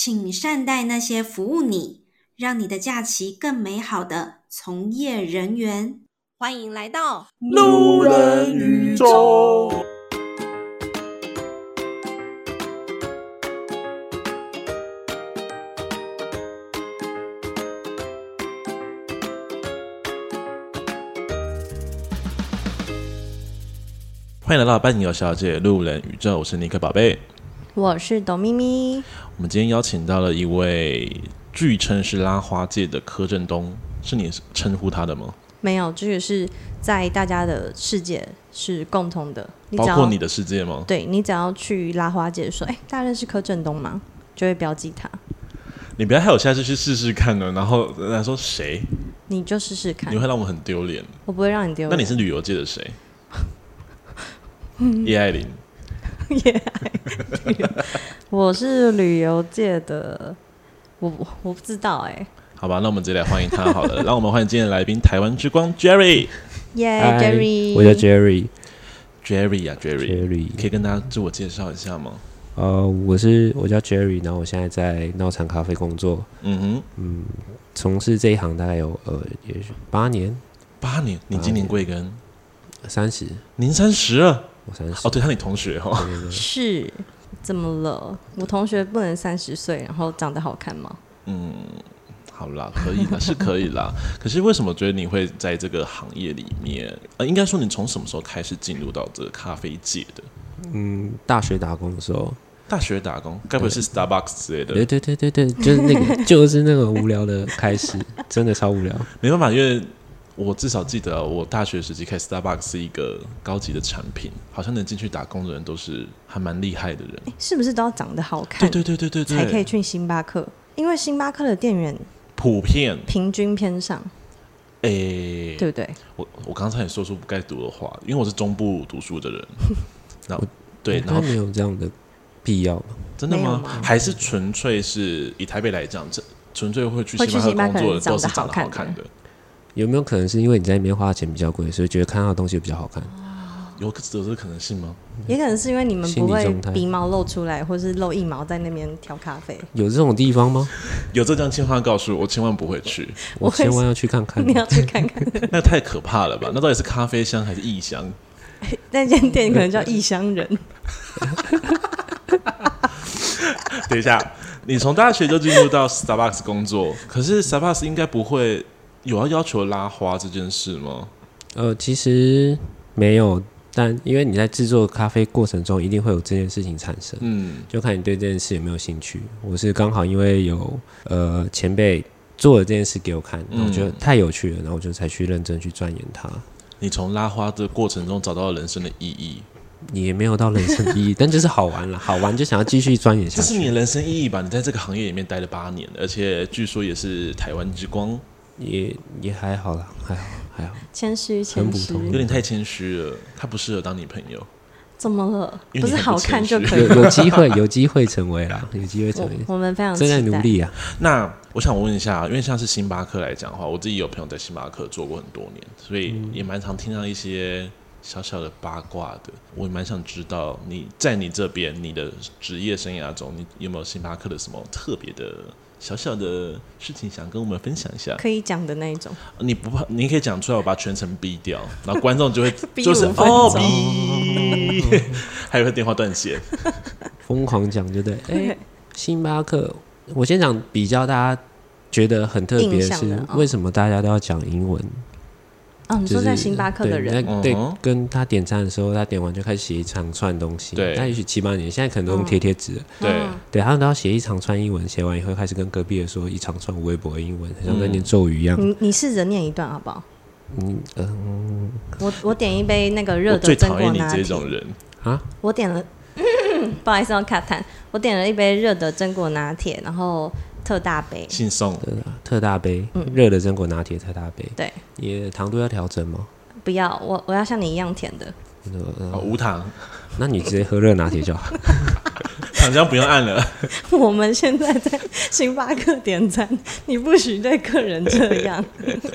請善待那些服務你、讓你的假期更美好的從業人員。歡迎來到路人宇宙。宇宙歡迎來到伴遊小姐、路人宇宙，我是尼克寶貝。我是董咪咪。我們今天邀請到了一位，據稱是拉花界的柯震東，是你稱呼他的嗎？沒有，這個是在大家的世界是共同的你，包括你的世界嗎？對，你只要去拉花界說，哎、欸，大家認識柯震東嗎？就會標記他。你不要害我下次去試試看呢，然後人家說誰？你就試試看，你會讓我很丟臉。我不會讓你丟臉。那你是旅遊界的誰？葉 愛玲。Yeah, 我是旅遊界的，我我不知道哎、欸。好吧，那我們直接來歡迎他好了。 讓我們歡迎今天的來賓——台灣之光 Jerry。耶、yeah，Jerry，Hi, 我叫 Jerry，Jerry Jerry 啊，Jerry，Jerry，Jerry, 可以跟大家自我介紹一下嗎？呃，我是我叫 Jerry，然後我現在在鬧場咖啡工作。嗯哼，嗯，從事這一行大概有呃，也許八年，八年。你今年貴庚、呃？三十，您三十啊？哦，對，像你同學哈、哦？是，怎麼了？我同學不能三十歲，然後長得好看嗎？嗯，好啦，可以啦，是可以啦。 可是為什麼覺得你會在這個行業裡面？呃，應該說你從什麼時候開始進入到這個咖啡界的？嗯，大學打工的時候。嗯、大學打工，該不會是 Starbucks 之類的？對對對對對，就是那個，就是那個無聊的開始，真的超無聊。 沒辦法，因為。我至少記得、哦，我大學時期開 Starbucks 是一個高級的產品，好像能進去打工的人都是還蠻厲害的人，欸，是不是都要長得好看？對，對對對對對，才可以去星巴克，因為星巴克的店員普遍平均偏上，哎，欸，對不對？對？我我剛才也說出不該讀的話，因為我是中部讀書的人， 然後對，然後沒有這樣的必要真的嗎？嗎還是純粹是以台北來講，純純粹會去星巴克工作，都是長得好看的。有沒有可能是因為你在那邊花錢比較貴，所以覺得看到的東西比較好看？哦、有有這個可能性嗎？也可能是因為你們不會鼻毛露出來，或是露一毛在那邊挑咖啡。有這種地方嗎？ 有這種情況要告訴我，我千萬不會去我，我千萬要去看看、喔。你要去看看？ 那太可怕了吧？那到底是咖啡香還是異香？ 那間店可能叫異鄉人。 等一下，你從大學就進入到 Starbucks 工作，可是 Starbucks 應該不會。有要要求拉花這件事嗎？呃，其實沒有，但因為你在制作咖啡過程中一定會有這件事情產生，嗯，就看你對這件事有沒有興趣。我是剛好因為有呃前輩做了這件事給我看，我覺得太有趣了，然後我就才去認真去鑽研它。嗯，你從拉花的過程中找到了人生的意義，你也沒有到人生意義， 但就是好玩了，好玩就想要繼續鑽研下去。這是你的人生意義吧？你在這個行業裡面待了八年，而且據說也是台灣之光。也也還好啦，還好還好。謙虛，很普通，有點太謙虛了。他不適合當女朋友。怎麼了不？不是好看就可以 有？有機會，有機會成為啦、啊，有機會成為我。我們非常正在努力啊。嗯、那我想問一下，因為像是星巴克來講的話，我自己有朋友在星巴克做過很多年，所以也蠻常聽到一些小小的八卦的。我也蠻想知道你在你這邊你的職業生涯中，你有沒有星巴克的什麼特別的？小小的事情想跟我們分享一下，可以講的那一種，你不怕，你可以講出來，我把全程閉掉，然後觀眾就會就是 哦逼， 還有個電話斷線，瘋 狂講就對。哎、欸，星巴克，我先講比較大家覺得很特別的是為什麼大家都要講英文。嗯、啊，你說在星巴克的人，就是對，嗯、對，跟他點餐的時候，他點完就開始寫一長串東西。對，那也許七八年，現在可能都用貼貼紙。對，對，他然後寫一長串英文，寫完以後開始跟隔壁的說一長串微博英文，像在念咒語一樣、嗯。你，你試着念一段好不好？嗯嗯，我我點一杯那個熱的榛果拿鐵。最討厭你這種人啊！我點了、嗯，不好意思，我卡彈。我點了一杯熱的榛果拿鐵，然後。特大杯，姓宋的特大杯，熱、嗯、的榛果拿鐵特大杯，對，也、yeah, 糖度要調整嗎？不要，我我要像你一樣甜的，嗯呃哦、無糖， 那你直接喝熱拿鐵就好， 糖漿不用按了。我們現在在星巴克點餐，你不許對客人這樣。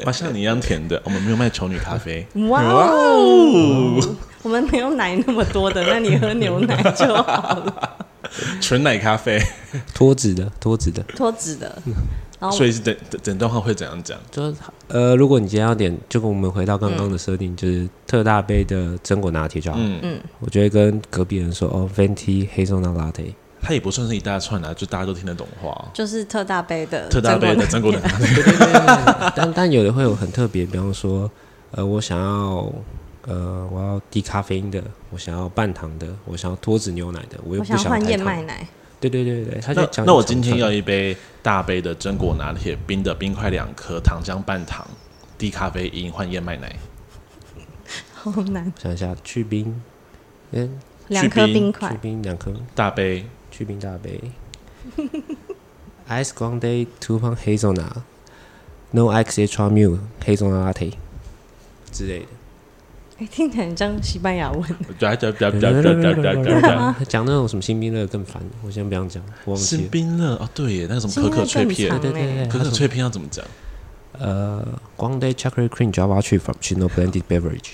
把 像你一樣甜的，我們沒有賣醜女咖啡。哇哦，我們沒有奶那麼多的，那你喝牛奶就好了。 純奶咖啡，脫脂的，脫脂的，脫脂的。所以是整整段話會怎樣講？就是呃，如果你今天要點，就跟我們回到剛剛的設定，嗯，就是特大杯的榛果拿鐵就好。嗯嗯，我覺得跟隔壁人說哦，Venti 黑松露拿鐵。它也不算是一大串啊，就大家都聽得懂話。就是特大杯的，特大杯的榛果拿鐵。 但但有的會有很特別，比方說，呃，我想要。呃，我要低咖啡因的，我想要半糖的，我想要脫脂牛奶的，我又不想換燕麥奶。對對對對，他就講那。那我今天要一杯大杯的榛果拿鐵，冰的冰塊兩顆，糖漿半糖，低咖啡因換燕麥奶。好難。想一下，去冰，哎、欸，兩顆冰塊，去冰兩顆大，大杯，去冰大杯 ，Ice Grande Two Pump Hazelnut，No Extra Milk Hazelnut Latte 之類的。聽起來很像西班牙文的。講 那種什麼星冰樂更煩，我先不要講。星冰樂哦，對耶，那個什麼可可脆片，對對對，可可脆片要怎麼講？ 呃，光 Day Chocolate Cream Java Tree from China Blended Beverage。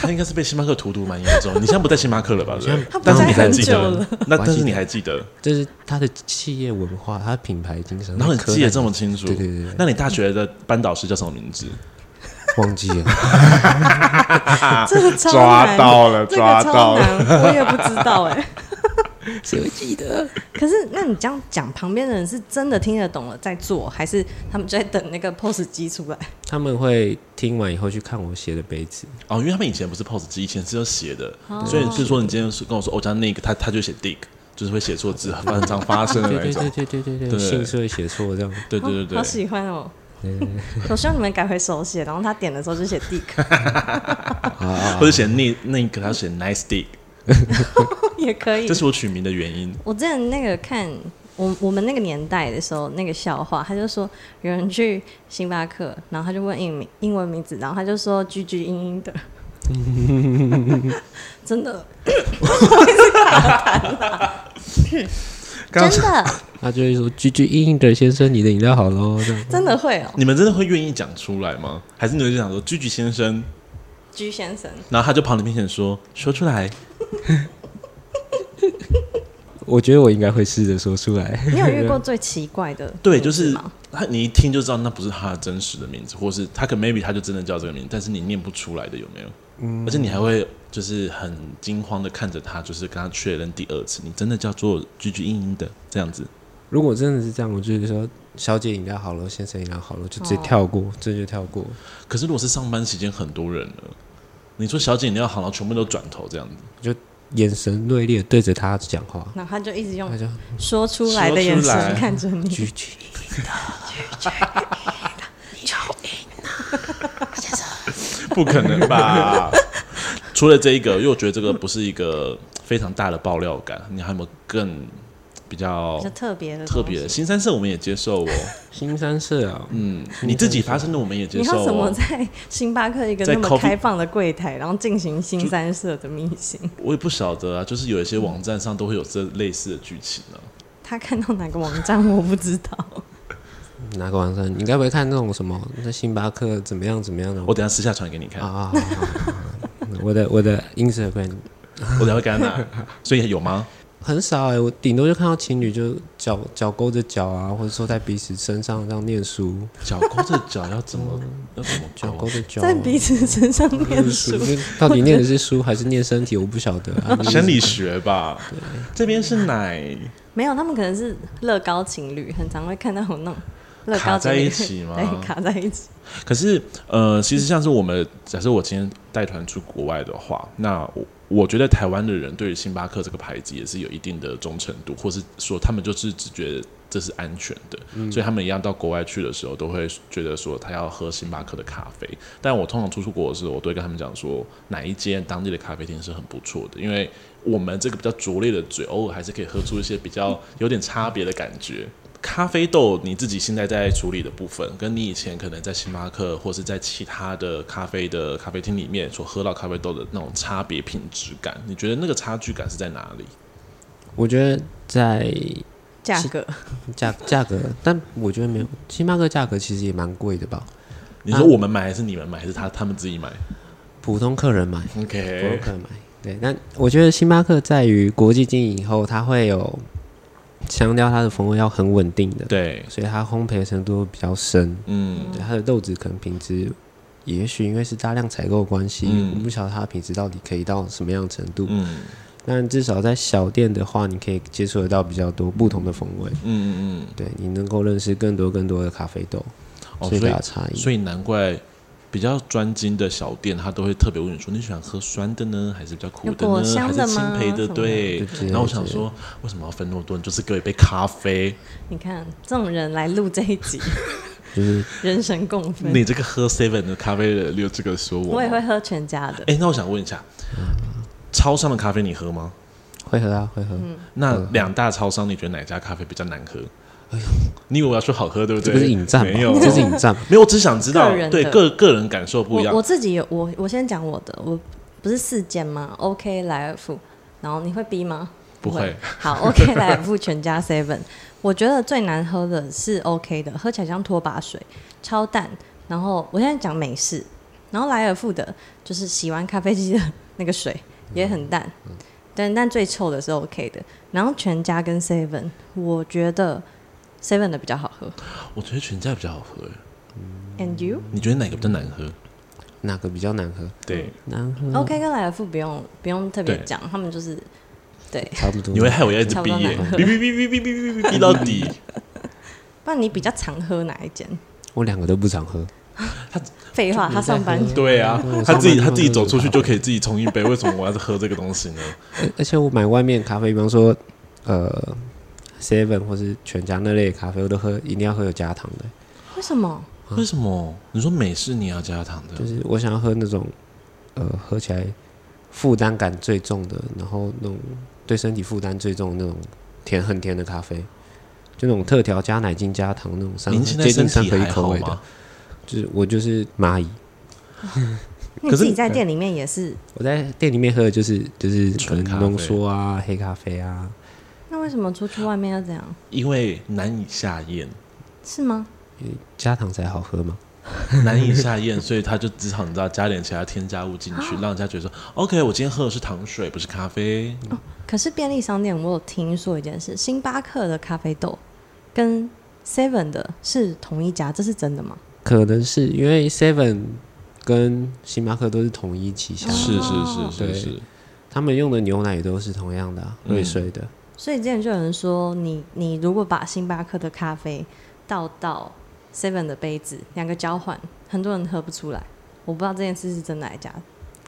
他應該是被星巴克荼毒蠻嚴重。你現在不在星巴克了吧了？但是你還記得？那但是你還記得？就是，是他的企業文化，他的品牌精神。然後你記得這麼清楚？對，對對對。那你大學的班導師叫什麼名字？忘記了 超難抓到了、這個超難，抓到了，我也不知道哎，誰會記得？可是，那你這樣講，旁邊的人是真的聽得懂了在做，還是他們就在等那個 POS 機出來？他們會聽完以後去看我寫的杯子哦，因為他們以前不是 POS 機，以前是要寫的、哦，所以是說你今天是跟我說 Ojanic,，我家那個他他就寫 dig，就是會寫錯字，很常發生的那種，對對對對對，姓氏會寫錯這樣，對對對對,對、哦，好喜歡哦。 我希望你們改回手寫，然後他點的時候就寫 Dick， 或者寫 Nick，那一個他寫 Nice Dick， 也可以。 這是我取名的原因。我之前那個看我我們那個年代的時候，那個笑話，他就說有人去星巴克，然後他就問英英文名字，然後他就說 G G 英英的， 真的， 我 真的， 他就會說“居居，硬硬的先生，你的飲料好嘍。”真的會哦。你們真的會願意講出來嗎？還是你會就想說居居先生、居先生，然後他就跑你面前說：“說出來。 ” 我覺得我應該會試着說出來。你有遇過最奇怪的？ 對，就是他，你一聽就知道那不是他真實的名字，或是他可能 maybe 他就真的叫這個名字，但是你念不出來的有沒有？嗯，而且你還會。就是很驚慌的看着他，就是跟他確認第二次，你真的叫做句句應應的這樣子。如果真的是這樣，我就是說小姐飲料好了，先生飲料好了，就直接跳過，這、哦、就跳過。可是如果是上班時間，很多人了，你說小姐飲料好了，全部都轉頭這樣子，就眼神銳利對着他講話，那他就一直用他就說出來的眼神看着你，句句應應的，哈哈哈哈你叫應哪？不可能吧？ 除了這一個，因為我覺得這個不是一個非常大的爆料感。你還有沒有更比較特別的特別？腥羶色我們也接受哦。腥羶色啊，嗯，你自己發生的我們也接受喔。你要怎麼在星巴克一個那麼開放的櫃台，然後進行腥羶色的秘辛？我也不曉得啊，就是有一些網站上都會有這類似的劇情啊。他看到哪個網站我不知道。哪個網站？你該不會看那種什麼？那星巴克怎麼樣？怎麼樣的？我等下私下傳給你看啊。好好好. 我的我的 Instagram，我聊幹嘛，所以有嗎？很少哎、欸，我頂多就看到情侶就腳腳勾着腳啊，或者說在彼此身上這樣念書，腳勾着腳要怎麼 要怎麼腳勾着腳、啊？在彼此身上念書，到底念的是書還是念身體？我，我不曉得、啊，生理學吧。對，這邊是奶，沒有，他們可能是樂高情侶，很常會看到我弄。卡在一起嗎？對，卡在一起。可是，呃，其實像是我們，假設我今天帶團出國外的話，那我我覺得台灣的人對於星巴克這個牌子也是有一定的忠誠度，或是說他們就是只覺得這是安全的。嗯，所以他們一樣到國外去的時候都會覺得說他要喝星巴克的咖啡。但我通常出出國的時候，我都會跟他們講說哪一間當地的咖啡廳是很不錯的，因為我們這個比較拙劣的嘴，偶爾還是可以喝出一些比較有點差別的感覺。咖啡豆，你自己現在在處理的部分，跟你以前可能在星巴克或是在其他的咖啡的咖啡廳裡面所喝到咖啡豆的那種差別品質感，你覺得那個差距感是在哪裡？我覺得在價格，格，價價格，但我覺得沒有星巴克價格其實也蠻貴的吧？你說我們買還是你們買還是他他們自己買？啊，普通客人買，OK，普通客人買。對，那我覺得星巴克在於國際經營以後，它會有。強調它的風味要很穩定的，對，所以它烘焙的程度比較深，嗯，對，它的豆子可能品質，也許因為是大量採購的關係，嗯，我不曉得它品質到底可以到什麼樣的程度，嗯，但至少在小店的話，你可以接觸得到比較多不同的風味，嗯嗯嗯，對，你能夠認識更多更多的咖啡豆，哦，所以比較差異，所以難怪。比較專精的小店，他都會特別問你說，你喜歡喝酸的呢，還是比較苦的呢，的還是淺焙的？對，對。然後我想說，為什麼要分那麼多？就是給我一杯咖啡。你看，這種人來錄這一集， 就是、人神共憤。你這個喝 seven 的咖啡的，有這個說我？我也會喝全家的。哎、欸，那我想問一下、嗯，超商的咖啡你喝嗎？會喝啊，會喝、嗯。那兩大超商，你覺得哪家咖啡比較難喝？哎呦你以為我要說好喝對不對？這不是引戰，沒有，這是引戰，沒有，我只想知道， 個對，個個人感受不一樣。我，我自己有我，我先講我的，我不是四間嗎？OK 萊爾富，然後你會逼嗎？不會。 好，OK 萊爾富全家 Seven， 我覺得最難喝的是 OK 的，喝起來像拖把水，超淡。然後我現在講美式，然後萊爾富的，就是洗完咖啡機的那個水、嗯、也很淡，但、嗯、但最臭的是 OK 的。然後全家跟 Seven，我覺得。Seven 的比較好喝，我覺得全家比較好喝。And you，你覺得哪個比較難喝？哪個比較難喝？對，嗯、難喝。OK，跟萊爾富不用不用特別講，他們就是對，差不多。你會害我要一直逼耶逼逼逼逼逼逼逼到底。不然你比較常喝哪一間？我兩個都不常喝。他廢話，他上班對啊， 他自己他自己走出去就可以自己沖一杯， 為什麼我要喝這個東西呢？而且我買外面咖啡，比方說呃。seven 或是全家那類的咖啡我都喝，一定要喝有加糖的。為什麼、啊？為什麼？你說美式你要加糖的，就是我想要喝那種，呃，喝起來負擔感最重的，然後那種對身體負擔最重的那種甜很甜的咖啡，這種特調加奶精加糖那種三現在接近三杯一口味的，就是我就是螞蟻。 你自己在店裡面也是，是？我在店裡面喝的就是就是可能濃縮啊，黑咖啡啊。那為什麼出去外面要這樣？因為難以下咽，是嗎、嗯？因為加糖才好喝嗎？ 難以下咽，所以他就只好你知道加點其他添加物進去、啊，讓人家覺得說 OK。我今天喝的是糖水，不是咖啡、哦。可是便利商店我有聽說一件事，星巴克的咖啡豆跟 Seven 的是同一家，這是真的嗎？可能是因為 Seven 跟星巴克都是統一旗下，是、哦哦、是是是是，他們用的牛奶也都是同樣的瑞、啊、穗的。嗯所以之前就有人說你，你你如果把星巴克的咖啡倒到 Seven 的杯子，兩個交換，很多人喝不出來。我不知道這件事是真的還是假的。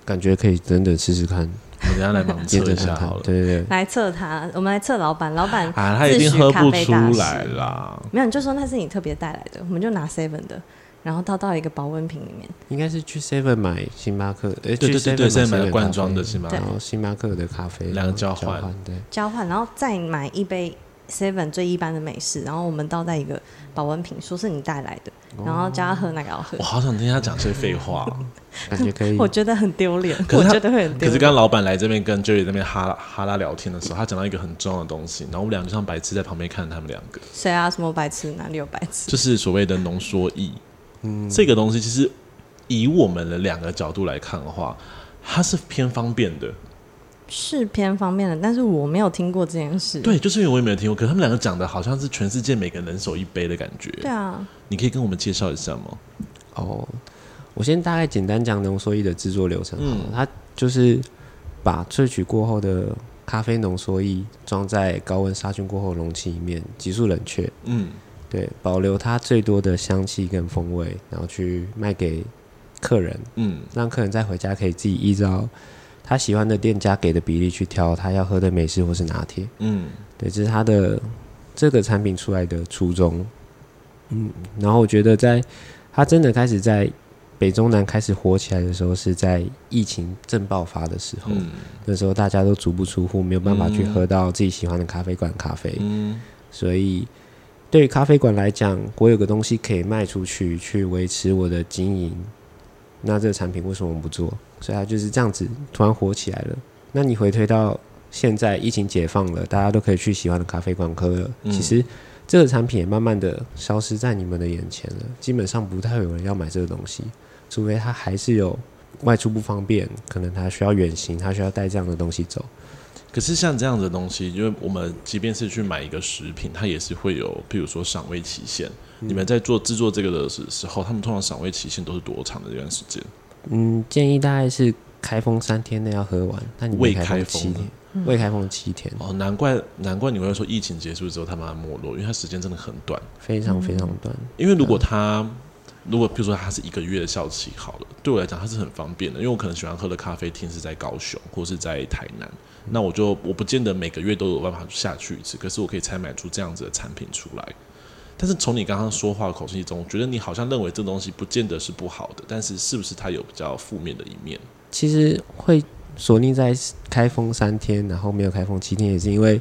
感覺可以真的試試看，啊、等我們下來盲測一下好了。 看看對，對對，來測他，我們來測老板，老板啊，他已經喝不出來啦。沒有，你就說那是你特別帶來的，我們就拿 Seven 的。然後倒到，到一個保溫瓶裡面。應該是去 Seven 買星巴克，哎、欸，對對對，Seven 買 7en 7en 7en 罐裝的星巴克，然後星巴克的咖啡兩個交換，交換，交換，然後再買一杯 Seven 最一般的美式，然後我們倒在一個保溫瓶，說是你帶來的，然後叫他喝那個好喝，哦。我好想聽他講些廢話， 感覺可以。 我覺得很丟臉，我覺得會很丟。可是剛老闆來這邊跟 Jerry 那邊哈拉哈拉聊天的時候，他講到一個很重要的東西，然後我們倆就像白痴在旁邊看他們兩個。誰啊？什麼白痴？哪裡有白痴？就是所謂的濃縮液。嗯、這個東西其實，以我們的兩個角度來看的話，它是偏方便的，是偏方便的。但是我沒有聽過這件事。對，就是因為我也沒有聽過。可是他們兩個講的好像是全世界每個人手一杯的感覺。對啊，你可以跟我們介紹一下嗎？哦，我先大概簡單講濃縮液的製作流程。嗯，它就是把萃取過後的咖啡濃縮液裝在高溫殺菌過後的容器裡面，急速冷卻。嗯。對，保留它最多的香氣跟風味，然後去賣給客人，嗯，讓客人再回家可以自己依照他喜歡的店家給的比例去挑他要喝的美式或是拿鐵，嗯，對，這，就是他的這個產品出來的初衷，嗯，然後我覺得在他真的開始在北中南開始火起來的時候，是在疫情正爆發的時候，嗯、那時候大家都足不出戶，沒有辦法去喝到自己喜歡的咖啡館咖啡，嗯，所以。對於咖啡館來講，我有個東西可以賣出去，去維持我的經營。那這個產品為什麼不做？所以它就是這樣子突然火起來了。那你回推到現在疫情解放了，大家都可以去喜歡的咖啡館喝了。嗯。其實這個產品也慢慢的消失在你們的眼前了，基本上不太有人要買這個東西，除非他還是有外出不方便，可能他需要遠行，他需要帶這樣的東西走。可是像這樣子的東西，因為我們即便是去買一個食品，它也是會有，譬如說賞味期限、嗯。你們在做制作這個的時候，他們通常賞味期限都是多長的這段時間？嗯，建議大概是開封三天內要喝完。但你未開封，未開封七天。嗯、哦，難怪難怪你會說疫情結束之後它慢慢沒落，因為它時間真的很短，非常非常短。嗯嗯、因為如果它，如果譬如說它是一個月的效期好了，對我來講它是很方便的，因為我可能喜歡喝的咖啡廳是在高雄或是在台南。那我就我不見得每個月都有辦法下去一次，可是我可以採買出這樣子的產品出來。但是從你剛剛說話的口氣中，我覺得你好像認為這東西不見得是不好的，但是是不是它有比較負面的一面？其實，會鎖定在開封三天，然後沒有開封七天，也是因為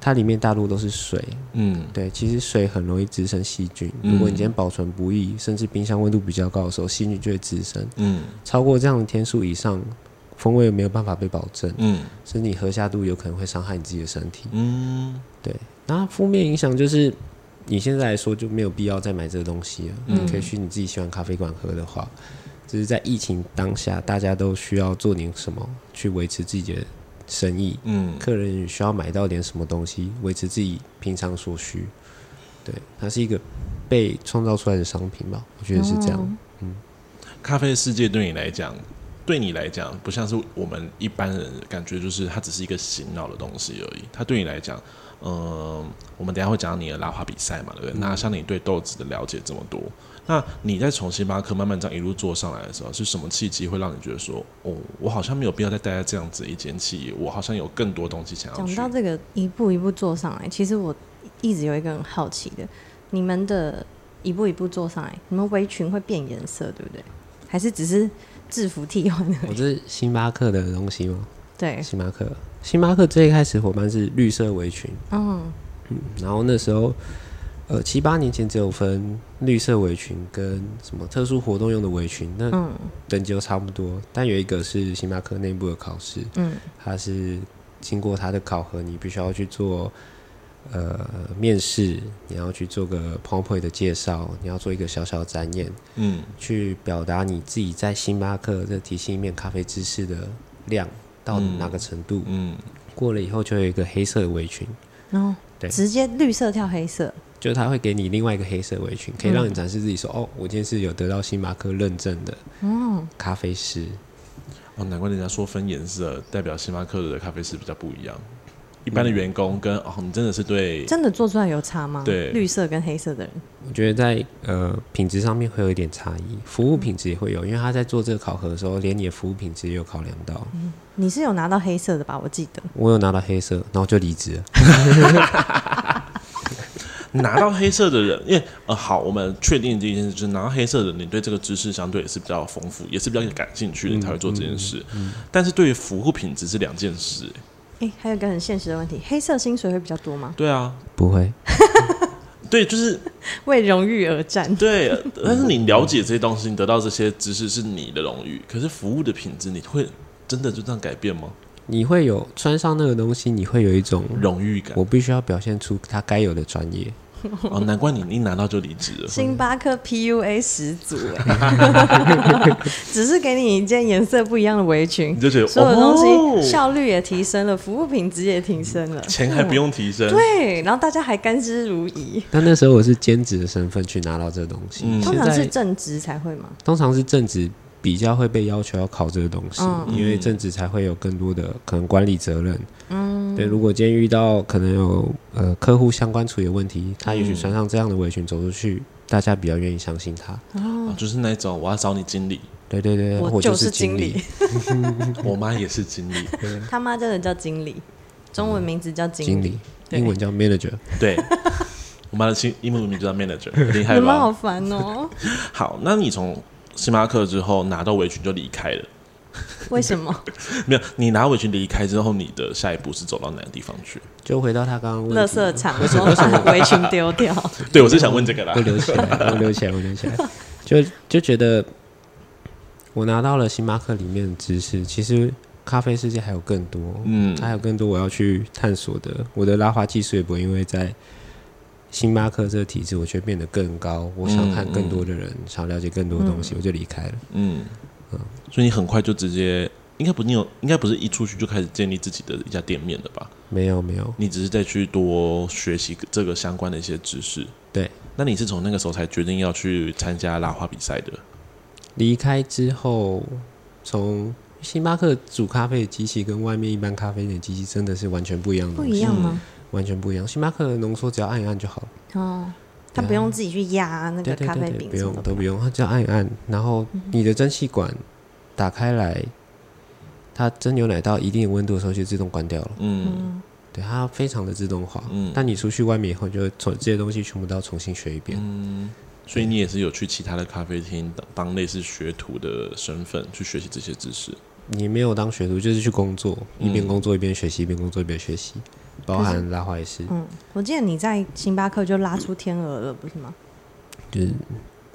它裡面大多都是水。嗯，對，其實水很容易滋生細菌。嗯。如果你今天保存不易，甚至冰箱溫度比較高的時候，細菌就會滋生。嗯。超過這樣的天數以上。風味沒有辦法被保證，嗯，所以你喝下肚有可能會傷害你自己的身體，嗯，對。那負面影響就是，你現在來說就沒有必要再買這個東西了。嗯，你可以去你自己喜歡咖啡館喝的話，只是在疫情當下，大家都需要做點什麼去維持自己的生意。嗯，客人需要買到點什麼東西維持自己平常所需，對，它是一個被創造出來的商品嘛，我覺得是這樣。嗯，咖啡世界對你來講。對你來講，不像是我們一般人感覺，就是它只是一個醒腦的東西而已。它對你來講，嗯，我們等下會講到你的拉花比賽嘛，對不對？那、嗯、像你對豆子的了解這麼多，那你在從星巴克慢慢這樣一路做上來的時候，是什麼契機會讓你覺得說，哦，我好像沒有必要再待在這樣子一間企業，我好像有更多東西想要？講到這個一步一步做上來，其實我一直有一個很好奇的，你們的一步一步做上來，你們圍裙會變顏色，對不對？還是只是？制服替換的，我這是星巴克的東西嗎？對，星巴克，星巴克最一開始夥伴是綠色圍裙，oh. 嗯，然後那時候，呃，七八年前只有分綠色圍裙跟什麼特殊活動用的圍裙，那等級都差不多，oh. 但有一個是星巴克內部的考試，嗯，oh. 它是經過他的考核，你必須要去做。呃，面試你要去做個 PowerPoint 的介紹，你要做一個小小的展演，嗯，去表達你自己在星巴克這體系裡面咖啡知識的量到哪個程度，嗯，嗯過了以後就有一個黑色圍裙，哦，對，直接綠色跳黑色，就他會給你另外一個黑色圍裙，可以讓你展示自己說，嗯、哦，我今天是有得到星巴克認證的，咖啡師，哦、嗯，難怪人家說分顏色代表星巴克的咖啡師比較不一樣。一般的員工跟，哦，你真的是對真的做出來有差嗎？對，綠色跟黑色的人，我覺得在呃品質上面會有一點差異，服務品質也會有，因為他在做這個考核的時候，連你的服務品質也有考量到。嗯，你是有拿到黑色的吧？我記得我有拿到黑色，然後就離職了。 拿到黑色的人，因為呃好，我們確定這一件事，就是拿到黑色的人，你對這個知識相對也是比較豐富，也是比較感興趣你、嗯、才會做這件事。嗯，嗯嗯但是對於服務品質是兩件事。哎、欸，還有一個很現實的問題，黑色薪水會比較多嗎？對啊，不會。 對，就是 為榮譽而戰。 對，但是你了解這些東西，你得到這些知識是你的榮譽。可是服務的品質，你會真的就這樣改變嗎？你會有穿上那個東西，你會有一種榮譽感。我必須要表現出他該有的專業。哦，難怪你一拿到就離職了。星巴克 PUA 十足， 只是給你一件顏色不一樣的圍裙，你就覺得所有東西、哦、效率也提升了，服務品質也提升了，錢還不用提升。嗯、對，然後大家還甘之如飴。但那時候我是兼職的身份去拿到這個東西、嗯，通常是正職才會嗎、嗯？通常是正職。比較會被要求要考這個東西，嗯、因為正職才會有更多的可能管理責任。嗯，對，如果今天遇到可能有呃客戶相關處理的問題，嗯、他也許穿上這樣的圍裙走出去，大家比較願意相信他。哦，就是那種我要找你經理，對對對，我就是經理。我媽 也是經理，他媽真的叫經理，中文名字叫經理，嗯、經理英文叫 manager。對， 我媽的英英文名字叫 manager，厲 害。好煩哦、喔。好，那你從。星巴克之後拿到圍裙就離開了，為什麼？ 沒有，你拿圍裙離開之後，你的下一步是走到哪個地方去？就回到他剛剛。垃圾的場為什麼？為什麼圍裙丟掉？ 對我是想問這個啦。我留起來，我留起來，我留起來。 就就覺得我拿到了星巴克裡面的知識，其實咖啡世界還有更多，嗯，還有更多我要去探索的。我的拉花技術也不會因為在。星巴克這個體制，我卻變得更高。我想看更多的人，嗯嗯、想了解更多的東西，嗯、我就離開了。嗯,嗯所以你很快就直接，應該不是你有，應該不是一出去就開始建立自己的一家店面了吧？沒有沒有，你只是再去多學習這個相關的一些知識。對，那你是從那個時候才決定要去參加拉花比賽的？離開之後，從星巴克煮咖啡的機器跟外面一般咖啡的機器真的是完全不一樣的，不一樣嗎？嗯完全不一樣，星巴克的濃縮只要按一按就好哦，他不用自己去壓、啊、那個咖啡餅、啊啊啊啊啊啊啊，不用都不用，都不用，他只要按一按、嗯，然後你的蒸汽管打開來，它蒸牛奶到一定的溫度的時候就自動關掉了。嗯，對，它非常的自動化、嗯。但你出去外面以後，就從這些東西全部都要重新學一遍。嗯，所以你也是有去其他的咖啡廳當類似學徒的身份去學習這些知識。你沒有當學徒，就是去工作，一邊工作一邊學習，一邊工作一邊學習。嗯包含拉花也是，是。嗯，我記得你在星巴克就拉出天鵝了，不是嗎？就是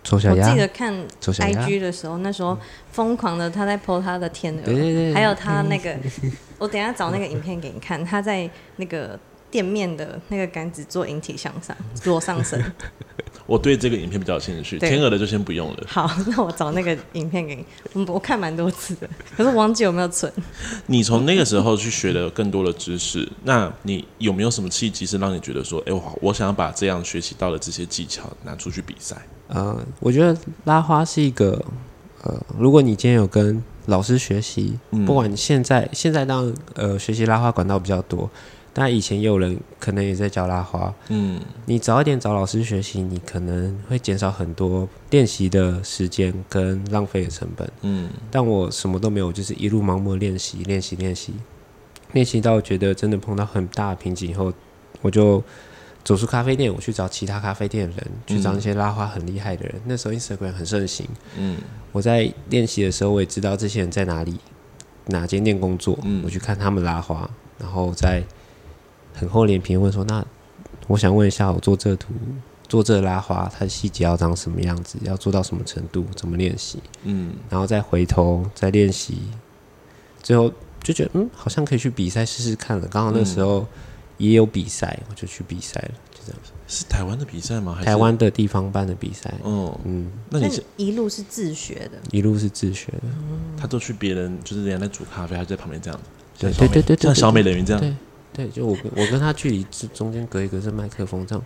醜小鴨。我記得看 IG 的時候，那時候瘋狂的他在 po 他的天鵝，對對對，還有他那個，嗯、我等一下找那個影片給你看，他在那個店面的那個桿子做引體向上，做上身。嗯 我對這個影片比較有興趣，天鵝的就先不用了。好，那我找那個影片給你。 我我看蠻多次的，可是忘記有沒有存。你從那個時候去學了更多的知識， 那你有沒有什麼契機是讓你覺得說，哎、欸，我我想要把這樣學習到的這些技巧拿出去比賽？呃，我覺得拉花是一個呃，如果你今天有跟老師學習、嗯，不管現在現在當呃學習拉花管道比較多。但以前也有人可能也在教拉花，嗯，你早一點找老師學習，你可能會減少很多練習的時間跟浪費的成本，嗯。但我什麼都沒有，就是一路盲目練習，練習，練習，練習到覺得真的碰到很大的瓶頸以後，我就走出咖啡店，我去找其他咖啡店的人，去找那些拉花很厲害的人。那時候 Instagram 很盛行，嗯，我在練習的時候，我也知道這些人在哪裡，哪間店工作，嗯，我去看他們拉花，然後在。很厚臉皮問說：“那我想問一下，我做這圖、做這拉花，它的細節要長什麼樣子？要做到什麼程度？怎麼練習？”嗯，然後再回頭再練習，最後就覺得嗯，好像可以去比賽試試看了。剛好那時候也有比賽，嗯，我就去比賽了。就這樣，是台灣的比賽嗎，還是？台灣的地方辦的比賽？哦，嗯，那你是一路是自學的？一路是自學的。嗯，他都去別人，就是人家在煮咖啡，他在旁邊這樣，對對對對，像小美等於這樣。對，就我跟我跟他距離這中間隔一個是麥克風，這樣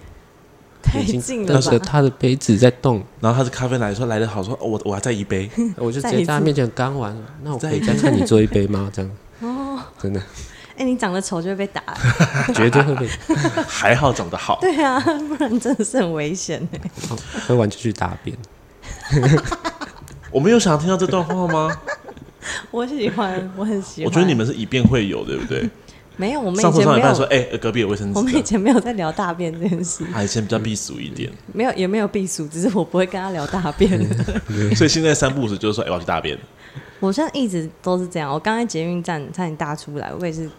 已經，太近了吧？但是他的杯子在動，然後他的咖啡來的時候來的好說，我我，我還在一杯， 一我就直接在他面前幹完了。那我可以再看你做一杯嗎？這樣哦，真的。哎、欸，你長得醜就會被打， 絕對會被還好長得好。對啊，不然真的是很危險呢。喝完就去大便。 我沒有想要聽到這段話嗎？ 我喜歡，我很喜歡。我覺得你們是以變會友，對不對？沒有，我們以前沒有。我們以前沒有在聊大便這件事。他以前比較避暑一點，沒有，也沒有避暑，只是我不會跟他聊大便。所以現在散步時就是說，欸，我要去大便。我現在一直都是這樣。我剛在捷運站差點大出來，我也是。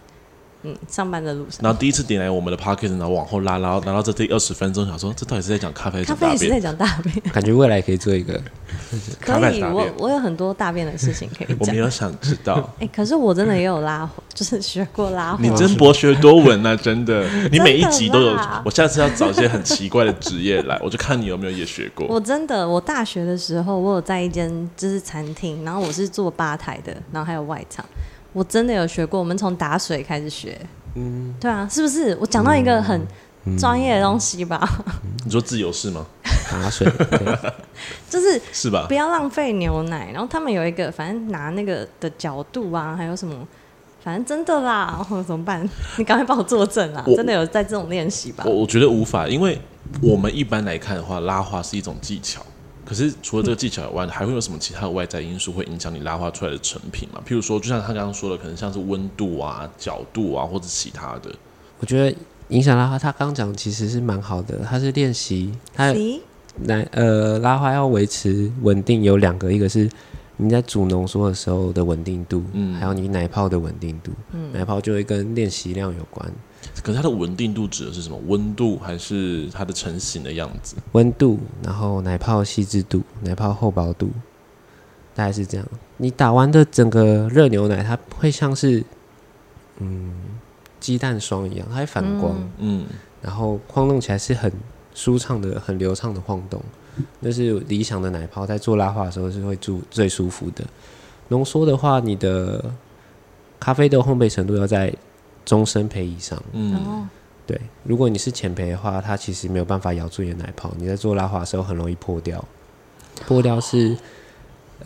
嗯，上班的路上，然後第一次點來我們的 podcast 然後往後拉，然後然後這第二十分鐘，想說這到底是在講咖啡，咖啡也是在講大便， 感覺未來可以做一個， 可以，以我我有很多大便的事情可以講， 我沒有想知道，哎、欸，可是我真的也有拉花， 就是學過拉花，你真博學多聞啊，真的，你每一集都有， 我下次要找一些很奇怪的職業來，我就看你有沒有也學過，我真的，我大學的時候，我有在一間就是餐廳，然後我是做吧台的，然後還有外場。我真的有學過，我們從打水開始學，嗯，對啊，是不是？我講到一個很專業的東西吧？嗯嗯嗯嗯。你說自由式嗎？打水， 就是是吧？不要浪費牛奶。然後他們有一個，反正拿那個的角度啊，還有什麼，反正真的啦，我怎麼辦？你趕快幫我作證啊！真的有在這種練習吧？我我，我覺得無法，因為我們一般來看的話，拉花是一種技巧。可是除了這個技巧以外，嗯，還會有什麼其他的外在因素會影響你拉花出來的成品嘛？譬如說，就像他剛剛說的，可能像是溫度啊、角度啊，或者其他的。我覺得影響拉花，他剛講其實是蠻好的。他是練習，他奶，嗯，呃拉花要維持穩定有兩個，一個是你在煮濃縮的時候的穩定度，嗯，還有你奶泡的穩定度，嗯，奶泡就會跟練習量有關。可是它的穩定度指的是什麼？溫度還是它的成型的樣子？溫度，然後奶泡細緻度、奶泡厚薄度，大概是這樣。你打完的整個熱牛奶，它會像是嗯雞蛋霜一樣，它會反光，嗯，然後晃動起來是很舒暢的、很流暢的晃動，那、就是理想的奶泡。在做拉花的時候是會最最舒服的。濃縮的話，你的咖啡豆烘焙程度要在，中深焙以上，嗯，對。如果你是淺焙的話，它其實沒有辦法咬住你的奶泡，你在做拉花的時候很容易破掉。破掉是，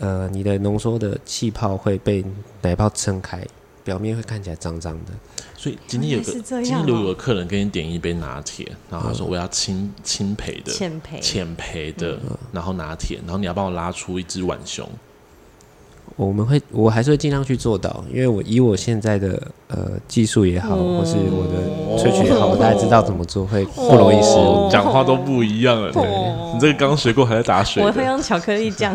哦、呃，你的濃縮的氣泡會被奶泡撐開，表面會看起來髒髒的。所以今天有個，哦、今天如果客人給你點一杯拿鐵，然後他說我要清清焙的，淺焙淺焙的，然後拿鐵，然後你要幫我拉出一只浣熊。我們會，我還是會盡量去做到，因為我以我現在的呃技術也好，或、哦、是我的萃取也好，哦、我大概知道怎麼做，會不容易失誤，講、哦、話都不一樣了。哦、對你這個剛學過還在打水，我會用巧克力醬。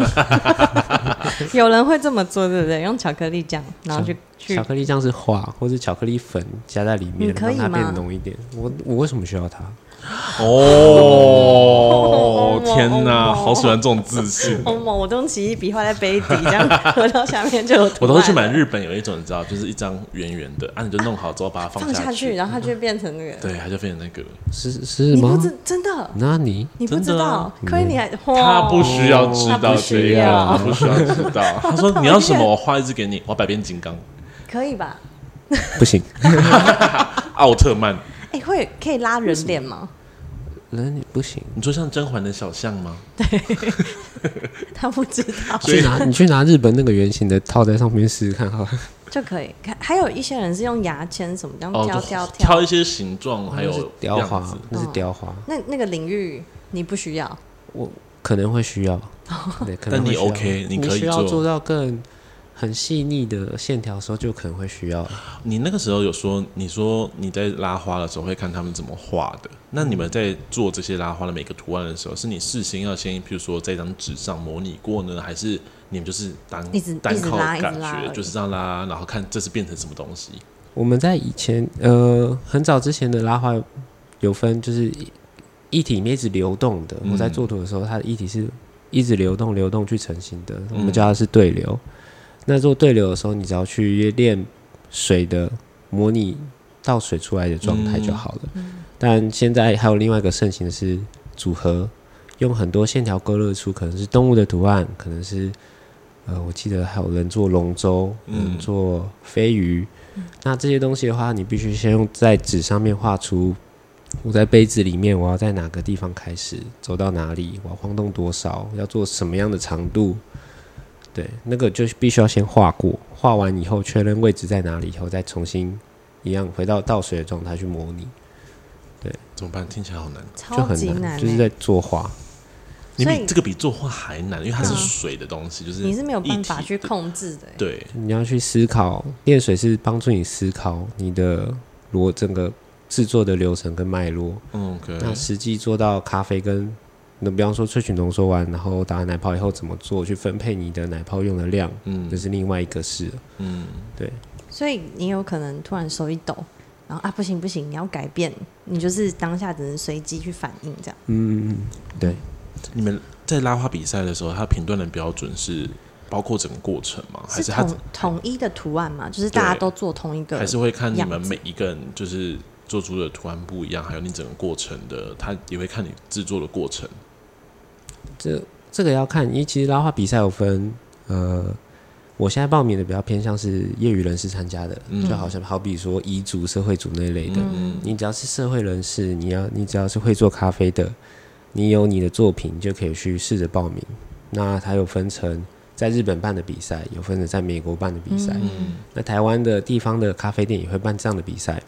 有人會這麼做，對不對？用巧克力醬，然後去巧，巧克力醬是花，或是巧克力粉加在裡面，可以讓它變濃一點。我我為什麼需要它？哦、oh, oh,，oh, oh, 天哪，oh, oh, oh. 好喜歡這種自信、啊。Oh, oh, oh, 我我用奇異筆畫在杯底，這樣喝到下面就有 我都是去買日本有一種，你知道，就是一張圓圓的，啊，你就弄好之後把它放下去、嗯啊，然後它就變成那個。啊、對，它就變成那個。是是嗎？你不真的？那你你不知道？嗯、可以，你還、哦、他不需要知道這個，oh, 他不，需對 他不需要知道。 他說你要什麼，我畫一隻給你。我要百變金剛，可以吧？ 不行，奧特曼。哎、欸，會可以拉人臉嗎？人臉不行，你說像甄嬛的小象嗎？對， 他不知道。所以去拿， 你去拿日本那個圓形的套在上面試試看，哈，就可以看。還有一些人是用牙籤什麼，然後挑挑挑一些形狀，還有是雕花、哦，那是雕花。那個哦、那，那個領域你不需要，我可能會需要。哦、需要但你 OK，你可以做，你需要做到更很細膩的線條的時候就可能會需要。你那個時候有說，你說你在拉花的時候會看他們怎麼畫的？那你們在做這些拉花的每個圖案的時候，是你事先要先，譬如說在一張紙上模擬過呢，還是你們就是單單靠感覺，就是這樣拉，然後看這是變成什麼東西？我們在以前，呃，很早之前的拉花有分，就是液體裡面一直流動的、嗯。我在做圖的時候，它的液體是一直流動、流動去成型的，嗯、我們叫它是對流。那做對流的時候，你只要去練水的模擬倒水出來的狀態就好了。嗯嗯。但現在還有另外一個盛行的是組合，用很多線條勾勒出可能是動物的圖案，可能是呃，我記得還有人做龍舟，嗯，人做飛魚，嗯。那這些東西的話，你必須先用在紙上面畫出，我在杯子裡面，我要在哪個地方開始，走到哪裡，我要晃動多少，要做什麼樣的長度。對，那個就是必須要先畫過，畫完以後確認位置在哪裡以後再重新一樣回到倒水的狀態去模擬。對，怎麼辦？聽起來好難，就很難超級難、欸，就是在作畫。所以，你比這個比作畫還難，因為它是水的東西，嗯、就是你是沒有辦法去控制的、欸。對，你要去思考練水是幫助你思考你的果整個制作的流程跟脈絡。嗯、OK，那實際做到咖啡跟。那比方說萃取濃縮完，然後打完奶泡以後怎麼做，去分配你的奶泡用的量，嗯，這是另外一個事，嗯，對。所以你有可能突然手一抖，然後啊不行不行，你要改變，你就是當下只能隨機去反應這樣。嗯，對。你們在拉花比賽的時候，他評斷的標準是包括整個過程嗎？還是他統一的圖案嗎？就是大家都做同一個圖案，還是會看你們每一個人就是做出的圖案不一樣，還有你整個過程的，他也會看你製作的過程？這這個要看，因為其實拉花比賽有分，呃，我現在報名的比較偏向是業餘人士參加的，嗯、就好像好比說乙組、社會組那一類的，嗯，你只要是社會人士，你要你只要是會做咖啡的，你有你的作品就可以去試着報名。那它有分成在日本辦的比賽，有分成在美國辦的比賽，嗯嗯，那台灣的地方的咖啡店也會辦這樣的比賽，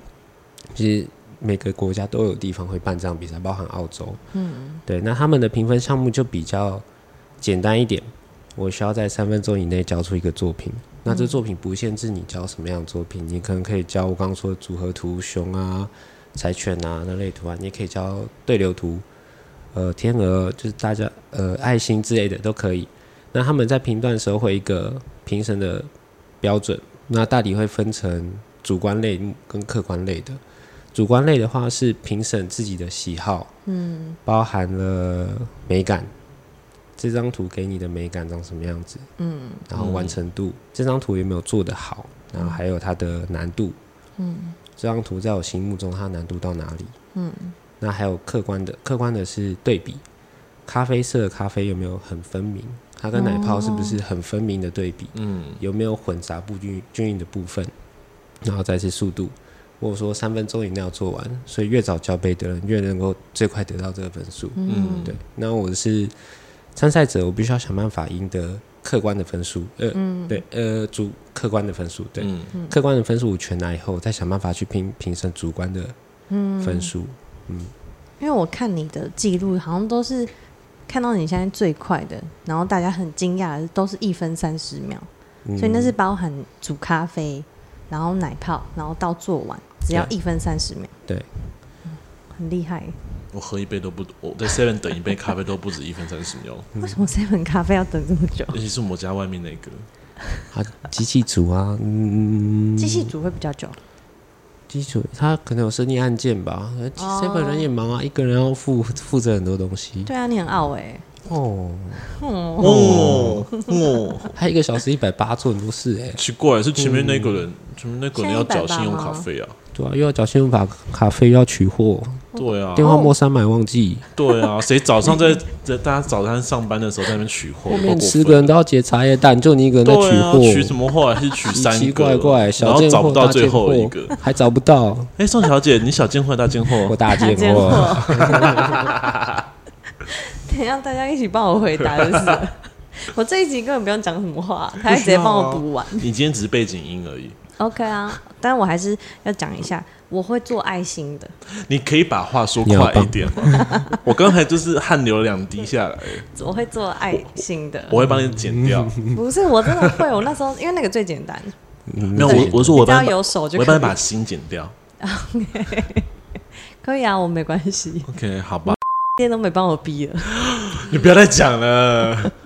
其實。每個國家都有地方會辦這樣比賽，包含澳洲。嗯，對，那他們的評分項目就比較簡單一點。我需要在三分鐘以內交出一個作品。那這作品不限制你交什麼樣的作品，嗯、你可能可以交我剛剛說的組合圖、熊啊、柴犬啊那類圖啊，你也可以交對流圖、呃天鵝，就是大家呃愛心之類的都可以。那他們在評斷的時候會一個評審的標準，那大體會分成主觀類跟客觀類的。主觀類的話是評審自己的喜好，嗯，包含了美感，這張圖給你的美感長什麼樣子，嗯，然後完成度，嗯，這張圖有沒有做得好，然後還有它的難度，嗯，這張圖在我心目中它難度到哪裡，嗯，那還有客觀的客觀的是對比，咖啡色的咖啡有沒有很分明，它跟奶泡是不是很分明的對比，嗯，有沒有混雜不均均勻的部分，然後再是速度。或者說三分鐘以內要做完，所以越早交杯的人越能夠最快得到這個分數。嗯，對。那我是參賽者，我必須要想辦法贏得客觀的分數、呃。嗯，對，呃，主客觀的分數，對、嗯，客觀的分數我全拿以後，我再想辦法去評評審主觀的分數、嗯。嗯，因為我看你的記錄，好像都是看到你現在最快的，然後大家很驚訝的是，都是一分三十秒。所以那是包含煮咖啡，然後奶泡，然後到做完。只要一分三十秒，對，很厲害。我喝一杯都不，我、oh, 在 Seven 等一杯咖啡都不止一分三十秒。 為什麼 Seven 咖啡要等這麼久？尤其是我家外面那個，啊， 機器煮啊，嗯，機器煮會比較久。機煮它可能有生意案件吧。Seven、oh、人也忙啊，一個人要負負責很多東西。對啊，你很傲哎、欸。哦、oh，哦、oh、哦，他、oh oh oh oh、一個小時一百八，做很多事哎、欸。 奇怪，是前面那個人，就、嗯、那個人要繳信用卡費啊。對啊，又要找信用卡卡費，又要取貨。對啊，電話末三百忘記。對啊，誰早上在在大家早上上班的時候在那邊取貨？後面十個人都要結茶葉蛋， 就你一個人在取貨、啊。取什麼貨？還是取三個？奇怪怪，小貨找不到，最後一個還找不到。哎、欸，宋小姐，你小件貨大件貨，我貨大件貨。 等一下，大家一起幫我回答就是，我這一集根本不用講什麼話，他還直接幫我補完你、啊？你今天只是背景音而已。OK 啊，但我還是要講一下，我會做愛心的。你可以把話說快一點嗎？ 我剛才就是汗流兩滴下來，我會做愛心的，我，我會幫你剪掉。 不是，我真的會。我那時候因為那個最簡單，那、 嗯、我，我說我只要有手就可以，我來把，把心剪掉。OK， 可以啊，我沒關係。OK，好吧，天都沒幫我逼了，你不要再講了。